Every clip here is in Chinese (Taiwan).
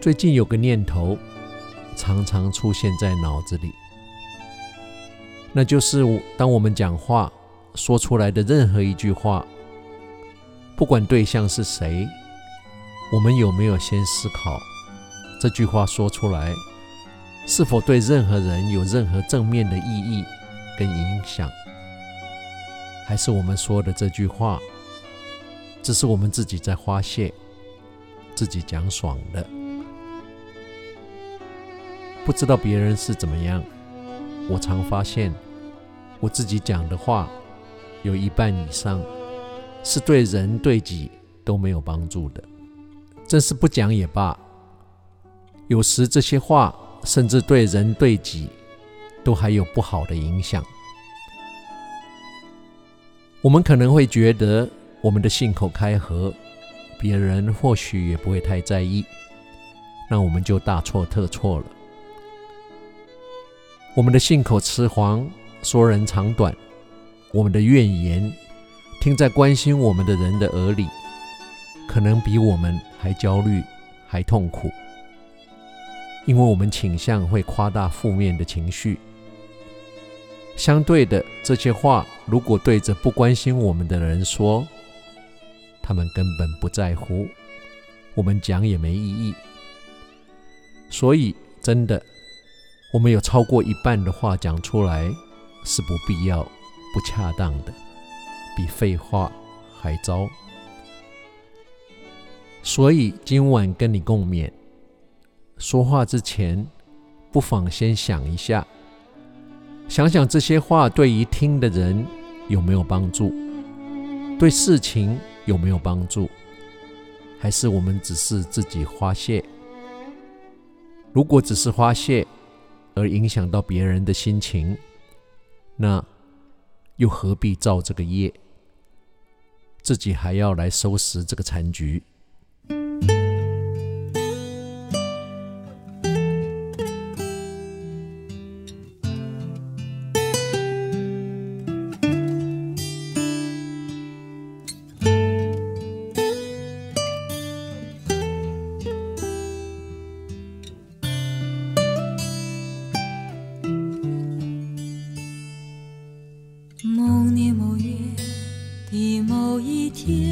最近有個念頭常常出現在腦子裡，那就是，當我們講話，說出來的任何一句話，不管對象是誰，我們有沒有先思考，這句話說出來，是否對任何人有任何正面的意義跟影響？還是我們說的這句話，只是我們自己在發洩，自己講爽的？不知道別人是怎麼樣。我常發現，我自己講的話，有一半以上是對人對己都沒有幫助的。真是不講也罷。有時這些話。甚至對人對己都還有不好的影響。我們可能會覺得我們的信口開河，別人或許也不會太在意，那我們就大錯特錯了。我們的信口雌黃，說人長短，我們的怨言，聽在關心我們的人的耳裡，可能比我們還焦慮，還痛苦。因為我們傾向會誇大負面的情緒，相對的，這些話如果對着不關心我們的人說，他們根本不在乎，我們講也沒意義。所以，真的，我們有超過一半的話講出來是不必要、不恰當的，比廢話還糟。所以，今晚跟你共勉。說話之前，不妨先想一下，想想這些話對於聽的人有沒有幫助，對事情有沒有幫助，還是我們只是自己發洩？如果只是發洩，而影響到別人的心情，那又何必造這個業？自己還要來收拾這個殘局。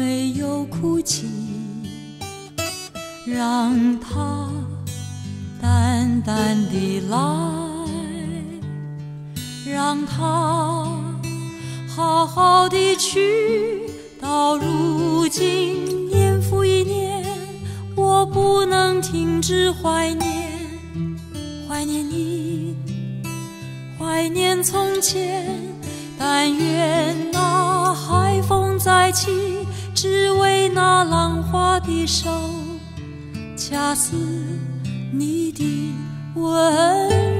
沒有哭泣，讓它淡淡地來，讓它好好地去。到如今，年復一年，我不能停止懷念，懷念你，懷念從前。但願那海風再起。只為那浪花的手，恰似你的溫柔。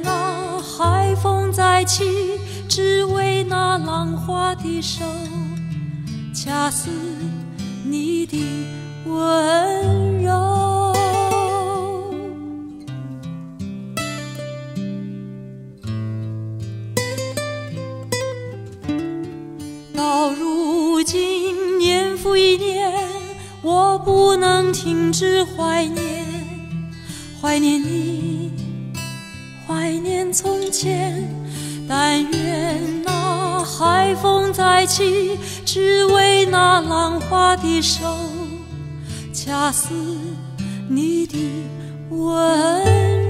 只為那浪花的手，恰似你的溫柔。到如今年復一年，我不能停止懷念，懷念你，懷念從前。但願那海風再起，只為那浪花的手，恰似你的溫柔。